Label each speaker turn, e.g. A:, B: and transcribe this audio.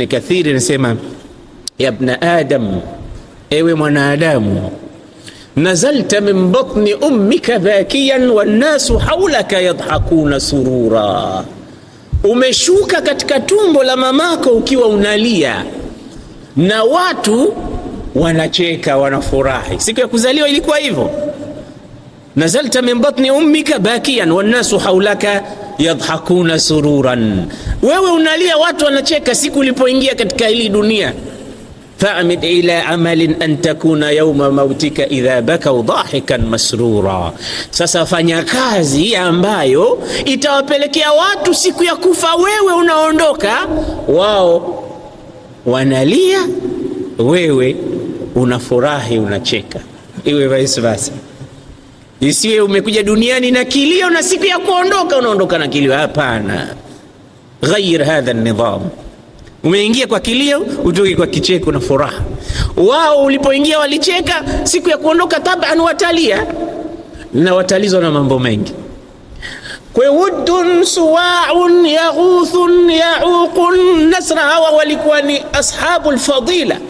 A: Ibn Kathiri anasema yabna adam, ewe mwanadamu, nazalta min batni ummika bakiyan wannasu haulaka yadhakuna surura, umeshuka katika tumbo la mamako ukiwa unalia na watu wanacheka wanafurahi. Siku ya kuzaliwa ilikuwa hivyo, nazalta min batni ummika bakiyan wannasu haulaka yadhakuna sururan wewe unalia watu wanacheka, siku ulipoingia katika hili dunia. Famid ila amalin an takuna yauma mautika idha bakau dhahikan masrura. Sasa fanya kazi ambayo itawapelekea watu siku ya kufa wewe unaondoka, wao wanalia, wewe unafurahi, unacheka. Iwe vice versa, isiwe umekuja duniani na kilio na siku ya kuondoka unaondoka na kilio. Hapana. Ghair hadha nidham. Umeingia kwa kilio, utoke kwa kicheko na furaha. Wao ulipoingia walicheka, siku ya kuondoka taban watalia na watalizwa na mambo mengi. Kwe wuddun suwaun yaghuthun yauqun nasra, hawa walikuwa ni ashabul fadila